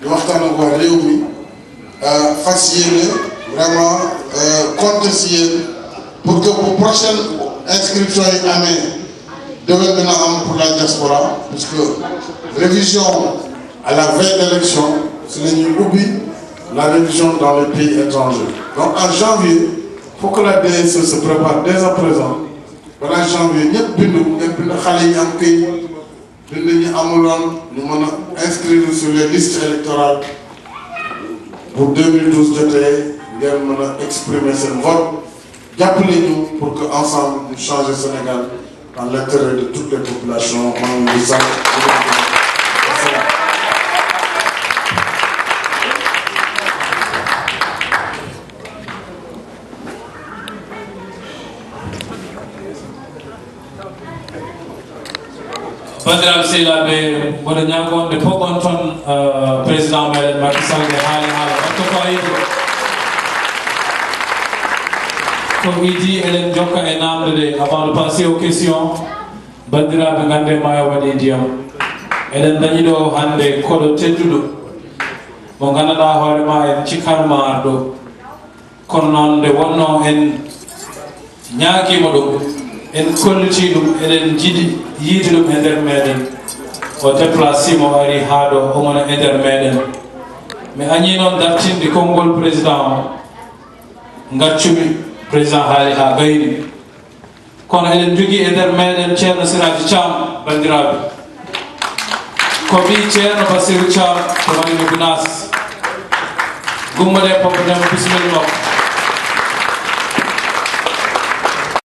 di waxtaan ak waa réew mi euh, fas yéene vraiment euh, compte si pour que bu prochaine inscription yi amee déwén dina am pour la diaspora parce révision à la veille d'élection si la ñuy ubbi la révision dans les pays étrangers donc en janvier faut la DSE se prépare dès à présent balaa janvier ñëpp bindu ñëpp bind xale yi am këy bind ñi amuloon ñu mën a inscrire sur les listes électorales bu 2012 jotee ngeen mën a exprimer seen vote jàppale ñu pour que ensemble ñu changer Sénégal dans l'intérêt de toutes les populations maa ngi bandiraɓe sehilaɓe mboɗo ñagonɓe fof gon toon euh, président meɗen Macky Sall ɓe haali haala watto fayido ko idi jokka e namde nde avant de passer aux questions bandiraɓe gande maayo waɗi ndiyam eɗen ɗo hannde koɗo tedduɗo mo ganduɗa hoorema en cikkanma arɗo kono noon nde wonno en ñaakima ɗum en kollitii ɗum eɗen jiɗi yiiti ɗum e ndeer meeɗen o déplacimo ari haa ɗo omona e ndeer meeɗen mi añii noon dartinde konngol président o gaccumi président haali haa ɓayni kono eɗen jogii e ndeer meeɗen ceerno siraji cam ko mbi ceerno basiru cam to wayno gunas gummoɗe poppoɗen bisimilla